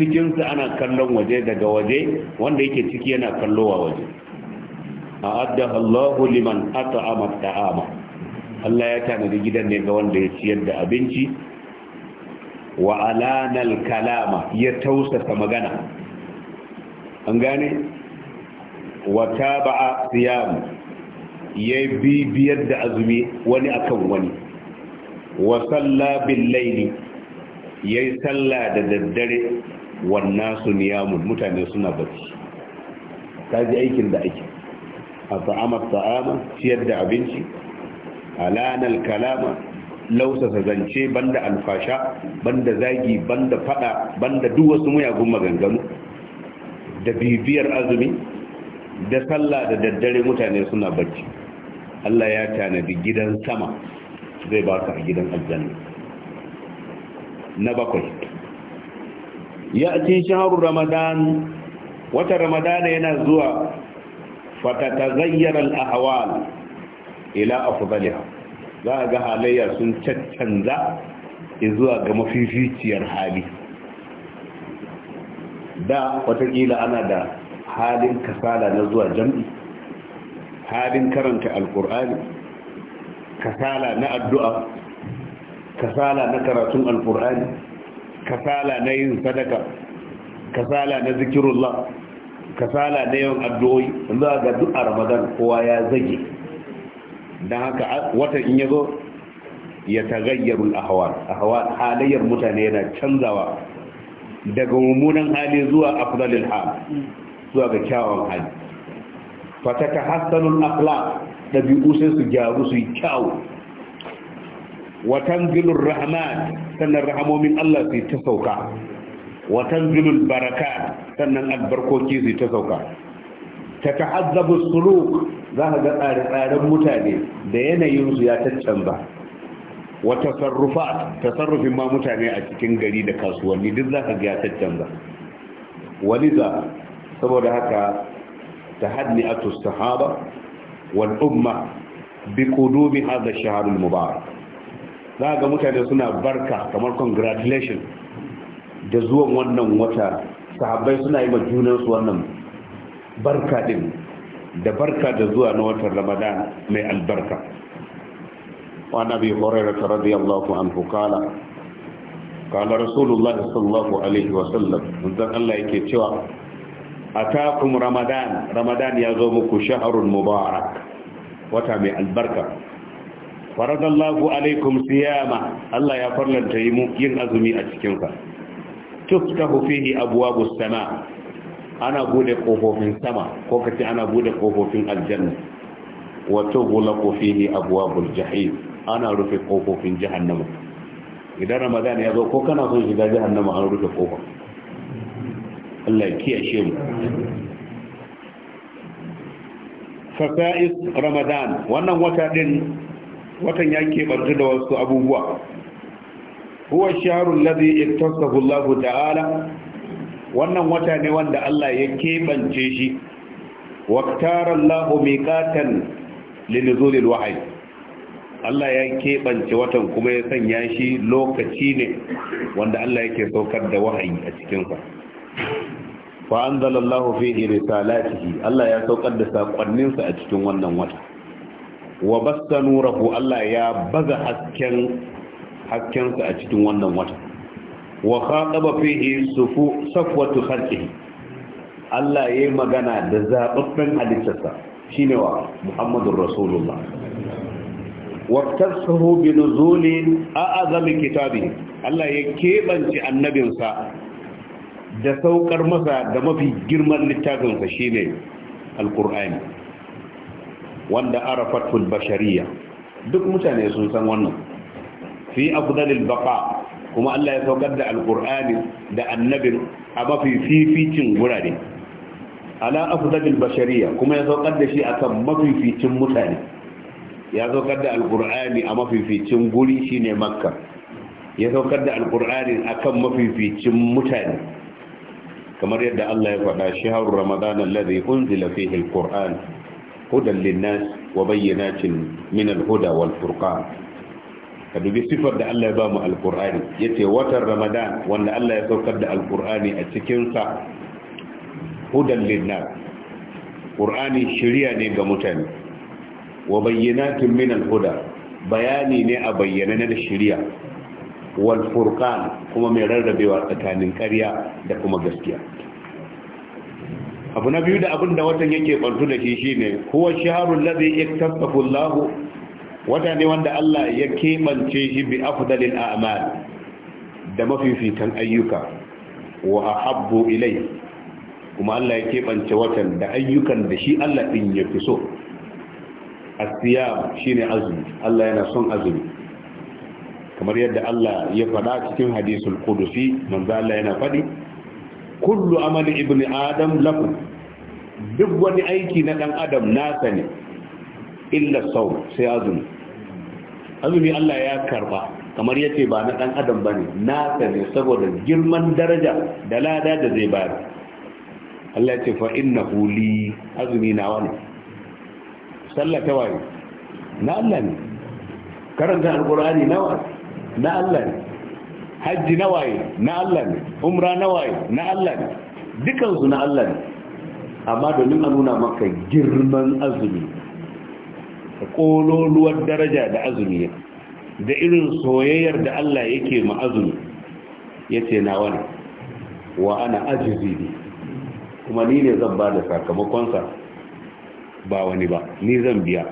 cikinsa ana kallon waje daga waje wanda yake ciki yana kallowa waje a adda Allahu liman at'ama ta'ama Allah ya tanadi gidan ne ga wanda ya ciyar da abinci wa alanal kalama ya tausasa magana an gane wa taba'a siyam ya bibiyar da azumi wani akan wani wa salla bil yayi salla da daddare wannan suniyamun mutane suna bacci kaji aikin da ake a ta'ama ta'ama ciyar da abinci alanal kalama sa zance banda alfasha banda zagi banda fada banda duk wasu muyagun maganganu da bibiyar azumi da salla da daddare mutane suna bacci Allah ya tanadi gidan sama zai baka a gidan aljanna na bakwai ya ci shaharu ramadan wata ramadana yana zuwa fatatagayyar al'ahawal ila afdaliha za a ga halayya sun caccanza zuwa ga mafificiyar hali da watakila ana da halin kasala na zuwa jam'i halin karanta alkur'ani kasala na addu'a kasala na karatun alkur'ani kasala na yin sadaka kasala na zikirullah kasala na yawan addu'o'i za ga duk ramadan kowa ya zage don haka watan in ya zo ya tagayyarul ahawar ahawar halayyar mutane yana canzawa daga mummunan hali zuwa afdalil hal zuwa ga kyawun hali fata ta hassanun akhlaq ɗabi'u sai su gyaru su yi kyawu watan zilun rahman sannan rahamomin allah su ta sauka watan zilun baraka sannan albarkoki su ta sauka ta ta'azzabu suluk za ka ga tsare-tsaren mutane da yanayinsu ya taccanza wata sarrufa tasarrufin ma mutane a cikin gari da kasuwanni duk za ka ga ya taccanza wani za saboda haka تهنئة الصحابة والأمة بقدوم هذا الشهر المبارك za ga mutane suna barka kamar congratulation da zuwan wannan wata sahabbai suna yi junansu wannan barka din da barka da zuwa na watan ramadan mai albarka wa nabi hurairah radiyallahu anhu qala qala rasulullahi sallallahu alaihi wa sallam dan Allah yake cewa atakum ramadan ramadan ya zo muku shahrun mubarak wata mai albarka faradallahu alaikum siyama Allah ya farlanta yi yin azumi a cikin sa tuftahu fihi abwabus sama ana bude kofofin sama ko kace ana bude kofofin aljanna wa tughlaqu fihi abwabul jahim ana rufe kofofin jahannama idan ramadan ya zo ko kana son shiga jahannama an rufe kofofin Allah ya kiyashe mu fasa'is ramadan wannan wata din watan ya keɓantu da wasu abubuwa huwa shaharun ladhi iktasahu Allahu ta'ala wannan wata ne wanda Allah ya keɓance shi waqtara Allahu miqatan linuzul wahyi Allah ya keɓance watan kuma ya sanya shi lokaci ne wanda Allah yake saukar da wahayi a cikinsa. fa zalallahu fi risalatihi Allah ya saukar da sakonnin sa a cikin wannan wata wa basta nurahu Allah ya baza hasken hasken a cikin wannan wata wa khataba fihi sufu safwatu khalqihi Allah yayi magana da zababben halittarsa shine wa Muhammadur Rasulullah waktasahu bi nuzuli a'azami kitabi Allah ya kebance annabinsa da saukar masa da mafi girman littafinsa shine alkur'ani wanda arafatul bashariya duk mutane sun san wannan fi afdalil baqa kuma Allah ya saukar da alkur'ani da annabin a mafi fificin gurare ala afdalil bashariya kuma ya saukar da shi akan mafi mafificin mutane ya saukar da alkur'ani a mafi mafificin guri shine makka ya saukar da alkur'ani akan mafificin mutane kamar yadda Allah ya faɗa shahar ramadan alladhi unzila fihi alquran hudan linnas wa bayyinatin min Huda wal furqan ka dubi sifar da Allah ya ba mu alqur'ani yace watan ramadan wanda Allah ya saukar da al alqur'ani a cikin sa hudan linnas qur'ani shiriya ne ga mutane wa bayyinatin min huda, bayani ne a bayyana na shiriya walfurkan kuma mai rarrabewa tsakanin karya da kuma gaskiya abu na biyu da abin da watan yake bantu da shi shine huwa shaharul ya iktasafu Allah wata ne wanda Allah ya kebance shi bi afdalin a'mal da mafifitan ayyuka wa ahabbu ilai kuma Allah ya kebance watan da ayyukan da shi Allah din ya fi so asiyam shine azumi Allah yana son azumi kamar yadda Allah ya faɗa cikin hadisul qudusi manzo Allah yana faɗi kullu amali Ibn adam lakum duk wani aiki na dan adam nasa ne illa sau sai azumi azumi Allah ya karba kamar yace ba na dan adam bane nasa ne saboda girman daraja da lada da zai bayar Allah ya ce fa innahu li azumi na wani sallata waye na Allah ne karanta alqur'ani nawa na Allah ne hajji na waye na Allah ne umra na waye na Allah ne dukansu na Allah ne amma domin a nuna maka girman azumi da kololuwar daraja da azumi da irin soyayyar da Allah yake ma azumi ya ce na wani wa ana ajizi ne kuma ni ne zan ba da sakamakonsa ba wani ba ni zan biya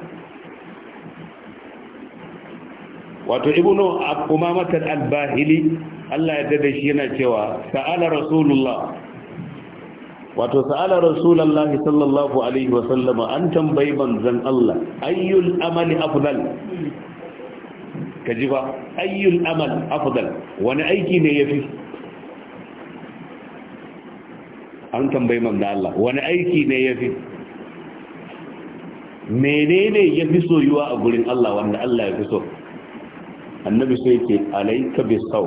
wato ibnu umamatar al-bahili Allah ya dade shi yana cewa sa'ala rasulullah wato sa'ala rasulullahi sallallahu alaihi wa wasallam an tambayi manzon Allah ayyul amali afdal kaji ba ayyul amal afdal wani aiki ne yafi an tambayi manzon Allah wani aiki ne yafi menene yafi soyuwa a gurin Allah wanda Allah ya fi so annabi sai ke alaika bi sau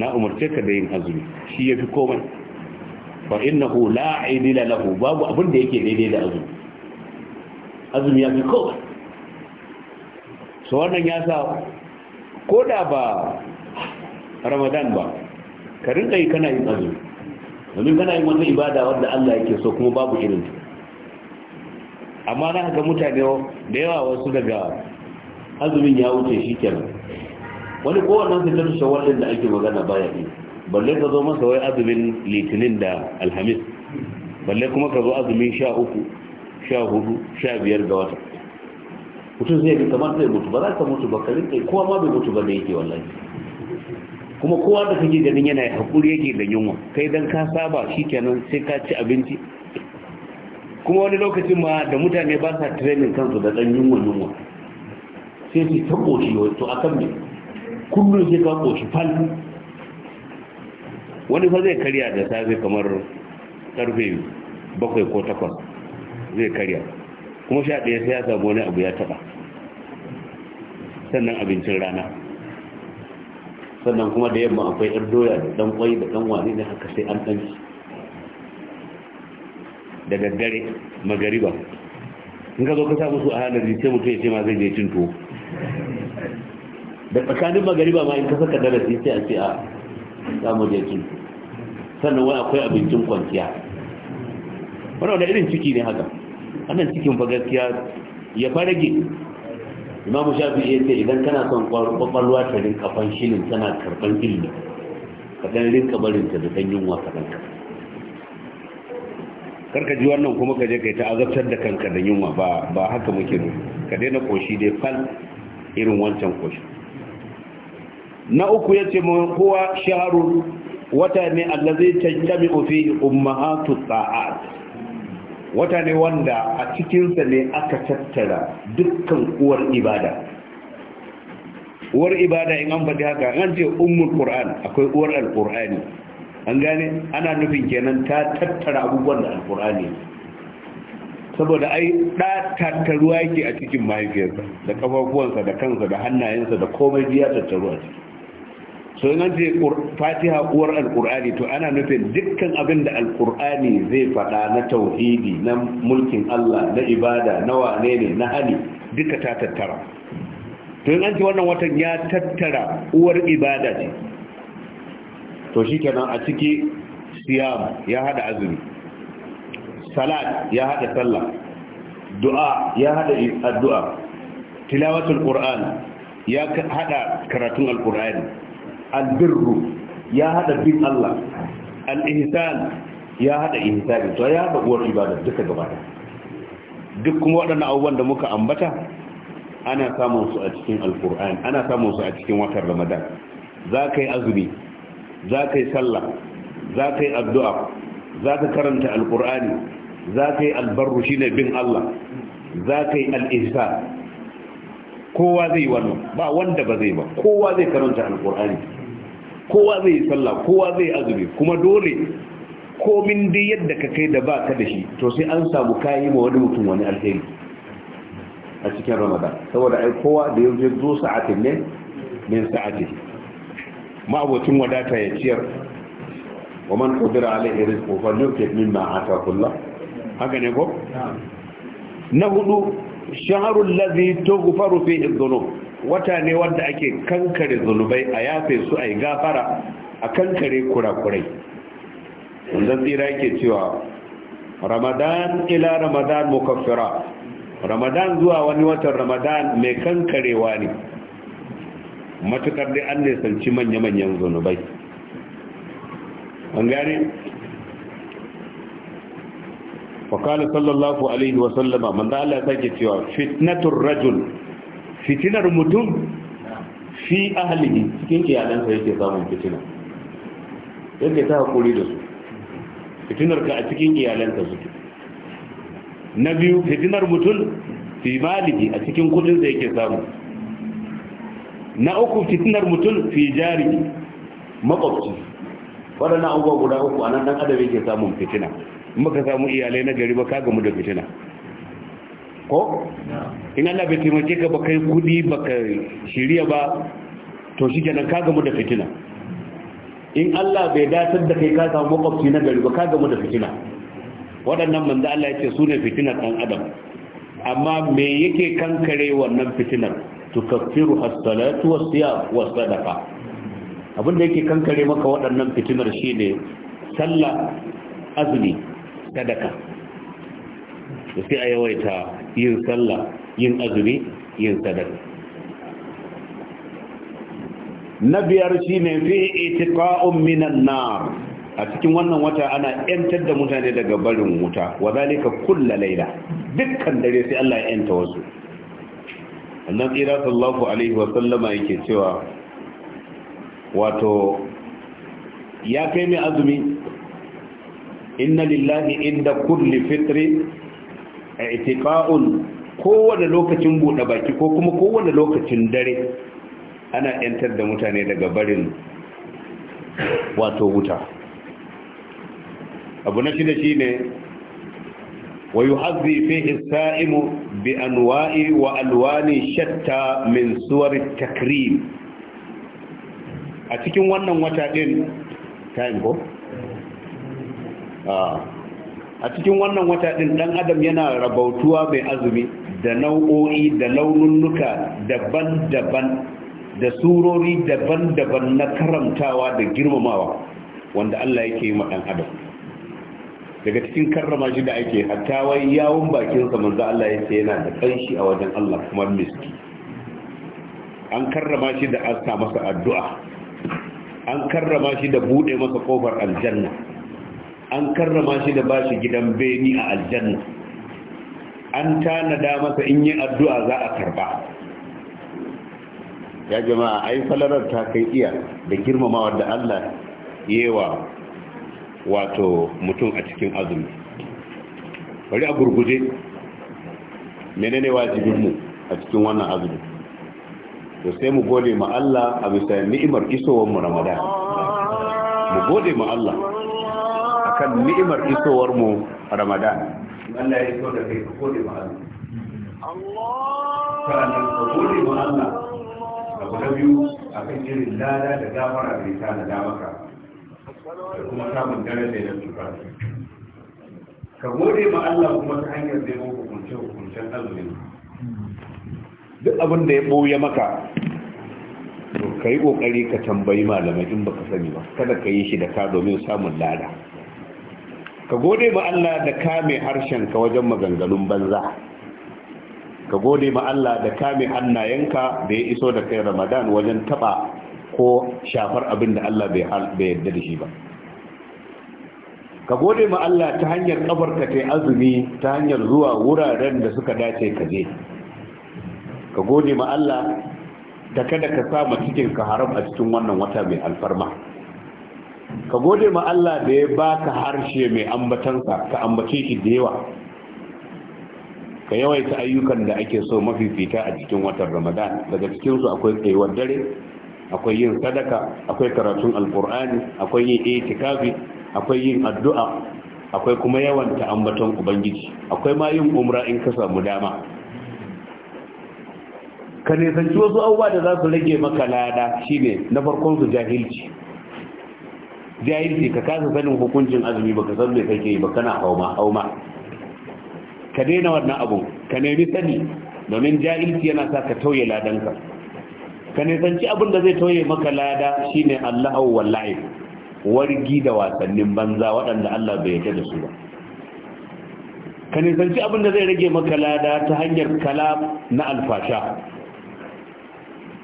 na umarce ka da yin azumi shi ya fi komai fa innahu la aidila lahu babu abin da yake daidai da azumi azumi ya fi komai so wannan ya sa ko da ba ramadan ba ka rinka yi kana yin azumi domin kana yin wata ibada wadda Allah yake so kuma babu irin amma na haka mutane da yawa wasu daga azumin ya wuce shi kenan wani kowannan fitar shawar ɗin da ake magana baya ne balle ka zo masa wai azumin litinin da alhamis balle kuma ka zo azumin sha uku sha hudu sha biyar ga wata mutum zai bi kamar zai mutu ba za ka mutu ba kalin kai kowa ma bai mutu ba da yake wallahi kuma kowa da kake ganin yana haƙuri yake da yunwa kai dan ka saba shi kenan sai ka ci abinci kuma wani lokacin ma da mutane ba sa training kansu da dan yunwa yunwa sai su ta ƙoshi wato a kan mai kullum sai ka ƙoshi fal wani fa zai karya da safe kamar ƙarfe bakwai ko takwas zai karya kuma sha ɗaya sai ya samu wani abu ya taɓa sannan abincin rana sannan kuma da yamma akwai ɗan doya da ɗan ƙwai da ɗan wani ne haka sai an ɗan da daddare magariba in ka zo ka sa musu a halar sai mutum ya ce ma zai je cin tuwo da tsakanin magariba ma in ka saka darasi sai a ce a samu jakin sannan wani akwai abincin kwanciya wani wani irin ciki ne haka wannan cikin fa gaskiya ya fara rage imamu shafi ya ce idan kana son kwakwalwa ta rinka fanshilin tana karban ilmi ka dan rinka barinta da dan yunwa ka karka ji wannan kuma ka je kai ta azabtar da kanka da yunwa ba ba haka muke ka daina koshi dai fal irin wancan koshi na uku ya ce huwa shaharun wata ne allazai tankami ofi ummahatu sa'ad wata ne wanda a cikinsa ne aka tattara dukkan uwar ibada uwar ibada in an bada haka an ce ummul qur'an akwai uwar alqur'ani an gane ana nufin kenan ta tattara abubuwan da alqur'ani saboda ai da tattaruwa yake a cikin mahaifiyarsa da kafafuwansa da kansa da hannayensa da komai biya tattaruwa ciki so yana ce fatiha uwar alkur'ani to ana nufin dukkan abin da alkur'ani zai faɗa na tauhidi na mulkin allah na ibada na wane ne na hali duka ta tattara to yana ce wannan watan ya tattara uwar ibada ce to shi kenan a ciki siyam ya hada azumi salat ya hada sallah du'a ya hada addu'a tilawatul qur'an ya hada karatun alqur'ani albirru ya hada bin Allah al-ihsan ya hada ihsani to ya hada uwar ibada duka gaba duk kuma waɗannan abubuwan da muka ambata ana samun su a cikin alqur'ani ana samun su a cikin watan ramadan za ka yi azumi za ka yi sallah za ka yi addu'a za ka karanta alqur'ani za ka yi albarru shi ne bin Allah za ka yi al'isa kowa zai yi wannan ba wanda ba zai ba kowa zai karanta alkur'ani kowa zai yi sallah kowa zai azumi kuma dole komin dai yadda ka kai da ba ka da shi to sai an samu kayi ma wani mutum wani alheri a cikin ramadan saboda ai kowa da ya zo sa'atin ne min sa'ati ma'abocin wadata ya ciyar wa man qadira alaihi rizqu falyunfiq mimma ataahu haka ne ko na hudu shaharul ladhi tughfaru fihi dhunub wata ne wanda ake kankare zunubai a yafe su a yi gafara a kankare kurakurai wanda tsira yake cewa ramadan ila ramadan mukaffira ramadan zuwa wani watan ramadan mai kankarewa ne matukar dai an nisanci manya-manyan zunubai an wa sallallahu alaihi wa sallama manzo Allah ya sake cewa fitnatur rajul fitinar mutum fi ahlihi cikin iyalansa yake samun fitina yake ta hakuri da su fitinar ka a cikin iyalansa suke na biyu fitinar mutum fi malihi a cikin kudinsa yake samu na uku fitinar mutum fi jari makwabci waɗannan abubuwa guda uku a nan ɗan adam yake samun fitina muka samu iyalai na gari ba ka gamu da fitina ko in Allah bai taimake ka ba kai kudi ba ka shirya ba to shi kenan ka gamu da fitina in Allah bai datar da kai ka samu makwabci na gari ba ka gamu da fitina waɗannan manzo Allah ya ce su ne fitinar ɗan adam amma me yake kankare wannan fitinar kafiru as-salatu was-siyam was-sadaqa abinda yake kankare maka waɗannan fitinar shine sallah azumi sadaka sai a yawaita yin sallah yin azumi yin sadaka na biyar shine fi itiqa'un minan nar a cikin wannan wata ana yantar da mutane daga barin wuta wa zalika kulla laila dukkan dare sai Allah ya yanta wasu annabi sallallahu alaihi wa sallama yake cewa wato ya kai mai azumi inna lillahi inda kulli fitri i'tiqa'un kowane lokacin bude baki ko kuma kowane lokacin dare ana yantar da mutane daga barin wato wuta abu na shida shine wa yuhazzi fihi sa'imu bi anwa'i wa alwani shatta min suwar takrim a cikin wannan wata din time ko a cikin wannan wata din dan adam yana rabautuwa mai azumi da nau'o'i da laununuka daban-daban da surori daban-daban na karamtawa da girmamawa wanda Allah yake yi ma dan adam daga cikin karrama shi da ake hatta wai yawon bakinsa manzo Allah ya yana da kanshi a wajen Allah kuma miski an karrama shi da asta masa addu'a an karrama shi da bude masa kofar aljanna an karrama shi da bashi gidan beni a aljanna an tanada masa in yi addu'a za a karba ya jama'a ai falarar ta kai iya da girmamawar da Allah yewa wato mutum a cikin azumi bari a gurguje menene wajibinmu a cikin wannan azumi to sai mu gode ma Allah a bisa ni'imar isowar mu Ramadan mu gode ma Allah akan ni'imar isowar mu Ramadan Allah ya iso da kai ka gode ma Allah Allah ka gode ma Allah abu na biyu akan irin lada da gafara da ita na damaka da kuma samun daraja da tuka ka gode ma Allah kuma ta hanyar neman hukunce hukuncen azumin duk abin da ya ɓoye maka to ka yi ƙoƙari ka tambayi malamai in baka sani ba kada ka yi shi da ka domin samun lada ka gode ma Allah da kame harshen ka wajen maganganun banza ka gode ma Allah da kame hannayenka da ya iso da kai Ramadan wajen taba ko shafar abin da Allah bai yarda da shi ba ka gode ma Allah ta hanyar kafarka ta azumi ta hanyar zuwa wuraren da suka dace ka je ka gode ma Allah da kada ka sa cikin ka haram a cikin wannan wata mai alfarma ka gode ma Allah da ya baka harshe mai ambatansa ka ambace shi da yawa ka yawaita ayyukan da ake so mafifita a cikin watan ramadan daga cikinsu akwai tsayuwar dare akwai yin sadaka akwai karatun alkur'ani akwai yin itikafi akwai yin addu'a akwai kuma yawan ambaton ubangiji akwai ma yin umra in ka samu dama ka nisanci wasu abubuwa da za su rage maka lada shine na farkon su jahilci ce ka kasa sanin hukuncin azumi baka san me kake yi ba kana hauma hauma ka daina wannan abu ka nemi sani domin jahilci yana sa ka tauye ladanka ka nisanci abin da zai tauye maka lada shine Allah wallahi wargi da wasannin banza waɗanda Allah bai yarda da su ba ka nisanci abin da zai rage maka lada ta hanyar kalam na alfasha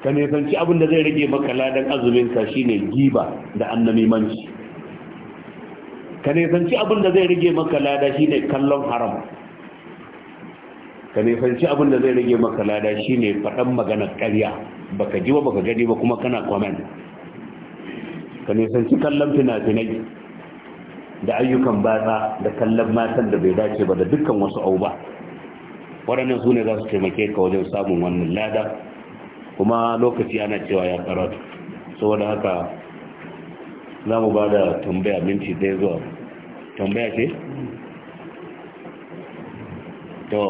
ka nisanci abin da zai rage maka ladan azumin ka shine giba da annamimanci ka nisanci abin da zai rage maka lada shine kallon haram ka nisanci abin da zai rage maka lada shine faɗan maganar ƙarya baka ji ba baka gani ba kuma kana comment ka nisanci kallon fina-finai da ayyukan batsa da kallon matan da bai dace ba da dukkan wasu auba waɗannan su ne za su taimake ka wajen samun wannan lada kuma lokaci ana cewa ya karatu saboda haka za mu ba da tambaya minti ɗaya zuwa tambaya ce? to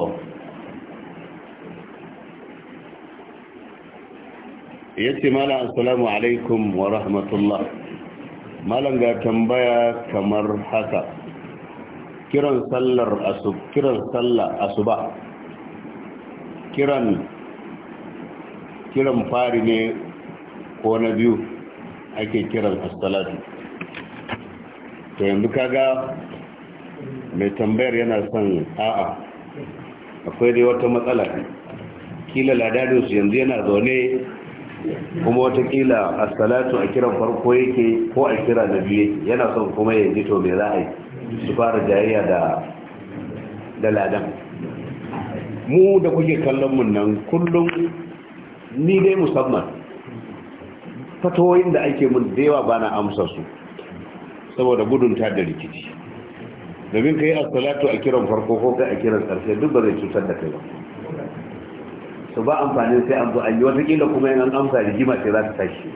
ce mala assalamu alaikum wa rahmatullah malam ga tambaya kamar haka kiran sallar kiran sallar asuba kiran kiran fari ne ko na biyu ake kiran astalatu to yanzu kaga mai tambayar yana son a'a akwai dai wata matsala kila ladadus yanzu yana zaune kuma wata kila asalatu a kiran farko yake ko a kira na biyu yana son kuma yanzu to mai za a yi su fara jayayya da da ladan mu da kuke kallon mun nan kullum ni dai musamman fatoyin da ake mun da yawa ba na amsa su saboda gudun da rikici domin ka yi asalatu a kiran farko ko ka a kiran ƙarshe duk ba zai cutar da kai ba su ba amfanin sai an zo an yi watakila kuma yana amsa rigima sai za ta tashi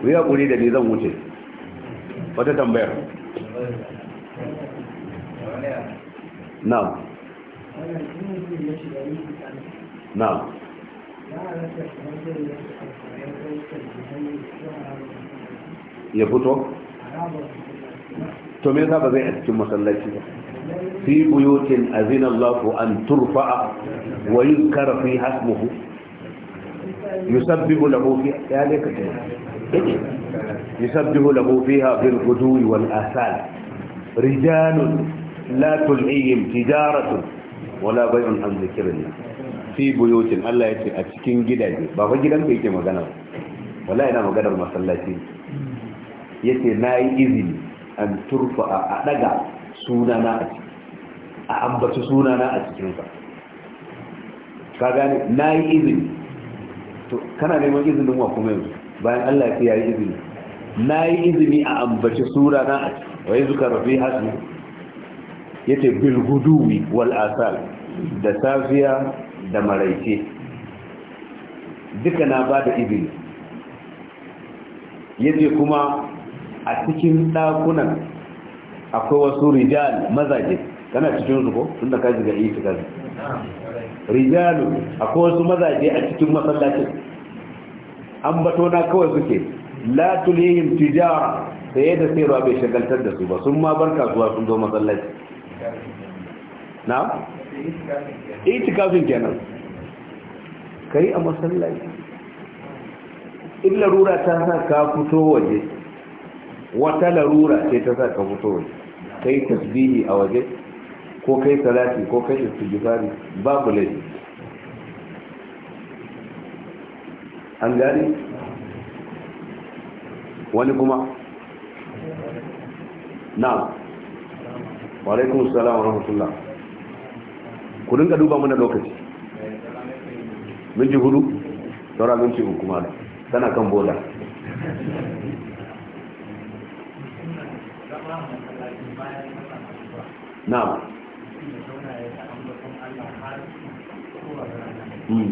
ku yi haƙuri da ni zan wuce wata tambayar na na'am ya fito to me yasa ba zai a cikin masallaci ba fi buyutin azina Allah an turfa'a wa yuzkara fi hasmuhu yusabbihu lahu fi ya dai ka tayi yusabbihu lahu fiha bil ghudwi wal asal rijalun la tul'ihim tijaratun wala bay'un an fi buyutin Allah ya a cikin gidaje ba fa gidan ka yake magana wallahi ina maganar masallaci yace nayi izini an turfa a daga sunana a ciki a ambaci sunana a cikin ka. ka gane nayi izini to kana neman izinin wa kuma yanzu bayan Allah ya yi izini nayi izini a ambaci sunana a ciki yanzu ka rafi hasu yace bil guduwi wal asal da safiya da maraice duka na ba da izini yace kuma a cikin ɗakunan akwai wasu rijal mazaje kana cikin su ko tun da kaji ga iya tukar rijalu akwai wasu mazaje a cikin masallacin an bato na kawai suke la tulihim tijara saye da sayarwa bai shagaltar da su ba sun ma bar kasuwa sun zo masallaci na itikafin kenan ka yi a masallaci in larura ta sa ka fito waje wata larura ce ta sa ka fito waje ka yi tasbihi a waje ko kai salati ko kai istighfari babu laifi an gane wani kuma na wa alaikum salaam wa rahmatullah ku dinga duba mana lokaci minti hudu saura minti uku ma tana kan boda na'am hmm.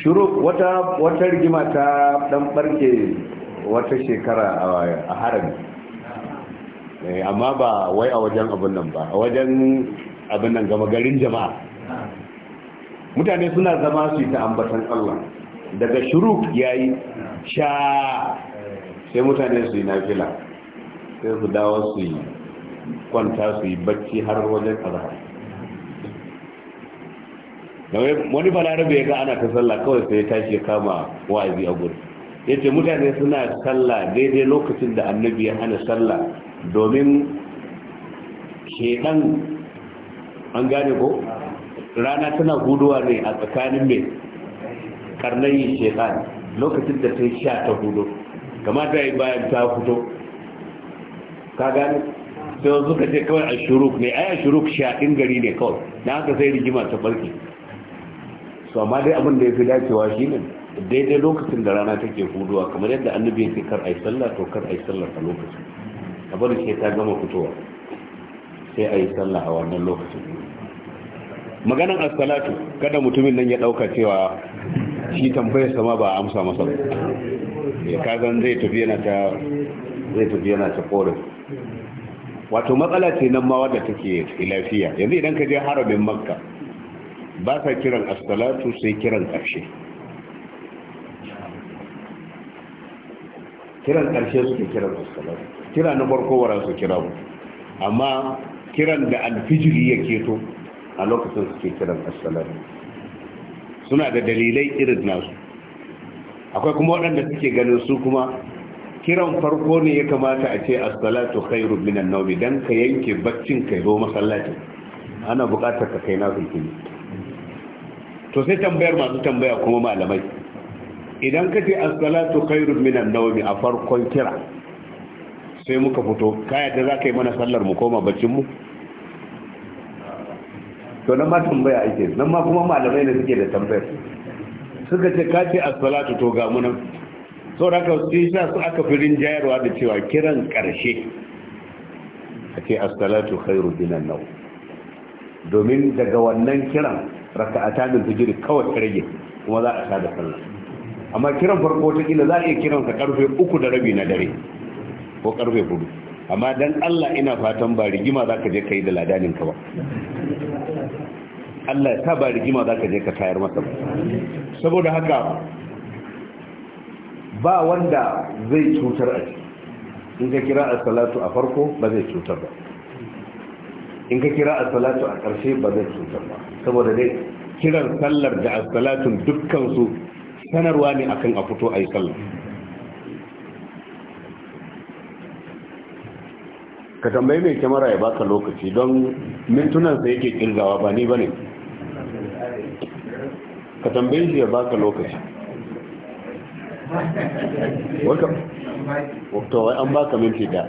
shuru wata wata rigima ta dan barke wata shekara a harami Eh, amma ba wai a wajen abin nan ba a wajen abin nan gama garin jama'a mutane suna zama su yi ta ambatan Allah daga shuruk yi sha sai mutane su yi nafila sai su dawo su yi kwanta su yi bacci har wajen azhar wani balarabe ya ga ana ta sallah kawai sai ya tashi ya kama wa'azi a gurin ya ce mutane suna sallah daidai lokacin da annabi ya hana sallah domin shedan an gane ko rana tana guduwa ne a tsakanin mai karnayin shedan lokacin da sai sha ta hudu kamata yi bayan ta fito ka gane sai wanzu ka ce kawai a shuruk ne ai a shuruk shaɗin gari ne kawai na haka sai rigima ta farki su amma dai abin da ya fi dacewa shi ne daidai lokacin da rana take huduwa kamar yadda annabi ya ce kar a yi sallah to kar a yi sallah a lokacin ta bari sai ta gama fitowa sai a yi sallah a wannan lokacin maganan assalatu kada mutumin nan ya dauka cewa shi tambayar sama ba amsa masa ba ya kazan zai tafi yana ta zai tafi yana ta kore? wato matsala ce nan ma wadda take lafiya yanzu idan ka je haramin makka ba sa kiran assalatu sai kiran ƙarshe kiran ƙarshe suke kiran musulun kira na farko wara su kira mu amma kiran da alfijiri ya keto a lokacin suke kiran assalam suna da dalilai irin nasu akwai kuma waɗanda suke ganin su kuma kiran farko ne ya kamata a ce assalatu khairu minan nawmi dan ka yanke baccin kai zo masallacin ana buƙatar ka kai na kulkuli to sai tambayar masu tambaya kuma malamai idan ka ce asalatu salatu khairun minan nawmi a farkon kira sai muka fito kaya da za ka yi mana sallar mu koma baccin mu to nan ma tambaya ake nan ma kuma malamai ne suke da tambayar suka ce ka ce asalatu to ga munan nan saboda haka su sa su aka fi rinjayarwa da cewa kiran karshe a ce as khairu minan nawm domin daga wannan kiran raka'ata da fijiri kawai rage kuma za a sa da sallah amma kiran farko ta kila za a iya kiransa karfe uku da rabi na dare ko karfe hudu amma dan Allah ina fatan ba rigima za ka je ka yi da ladanin ka ba Allah ta ba rigima za ka je ka tayar masa ba saboda haka ba wanda zai cutar a in ka kira as-salatu a farko ba zai cutar ba in ka kira as-salatu a ƙarshe ba zai cutar ba saboda dai kiran sallar da as-salatun dukkan su sanarwa ne akan a fito a yi sallah ka tambayi mai kyamara ya baka lokaci don mintunansa yake kirgawa ba ni ba ne ka tambayi shi ya baka lokaci wata wai an baka minti da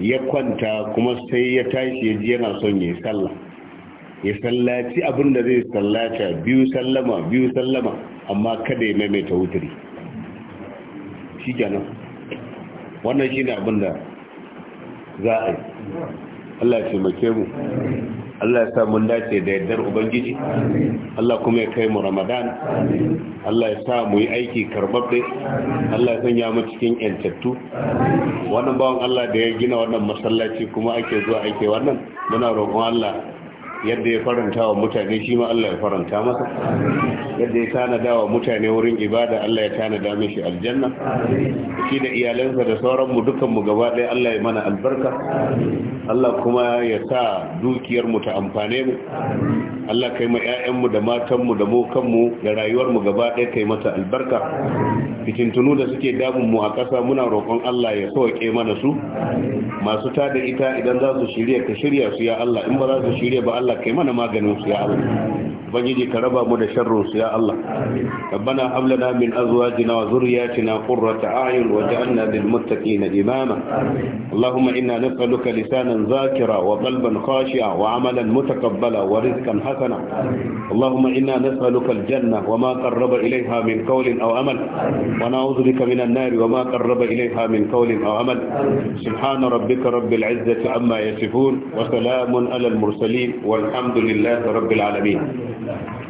ya kwanta kuma sai ya tashi ya ji yana son ya sallah ya sallaci abin da zai sallata biyu sallama biyu sallama amma kada ya maimaita wuturi shi kenan wannan shine abin da za a yi Allah ya taimake mu Allah ya sa mun dace da yardar Ubangiji Allah kuma ya kai mu Ramadan Allah ya sa yi aiki karbabbe Allah ya sanya mu cikin yantattu wannan bawan Allah da ya gina wannan masallaci kuma ake zuwa ake wannan muna roƙon Allah yadda ya faranta wa mutane shi ma Allah ya faranta masa yadda ya tanada wa mutane wurin ibada Allah ya tanada mishi aljanna shi da iyalansa da sauranmu dukkanmu gaba ɗaya Allah ya mana albarka Allah kuma ya sa dukiyarmu ta amfane mu Allah kai ma 'ya'yanmu da matanmu da mu kanmu da rayuwarmu gaba ɗaya kai mata albarka fitintunu da suke damun mu a ƙasa muna roƙon Allah ya sauke mana su masu tada ita idan za su shirya ka shirya su ya Allah in ba za su shirya ba Allah kai mana maganin su ya Allah ubangiji ka raba mu da sharrin su ya Allah rabbana hab lana min azwajina wa zurriyyatina qurrata a'yun waj'alna lil muttaqina imama allahumma inna nas'aluka lisanan zakira wa qalban khashi'a wa amalan mutaqabbala wa rizqan hasana allahumma inna nas'aluka al janna wa ma qarraba ilayha min qawlin aw amal wa na'udhu bika min an nar wa ma qarraba ilayha min qawlin aw amal subhana rabbika rabbil izzati amma yasifun wa salamun ala al mursalin والحمد لله رب العالمين الله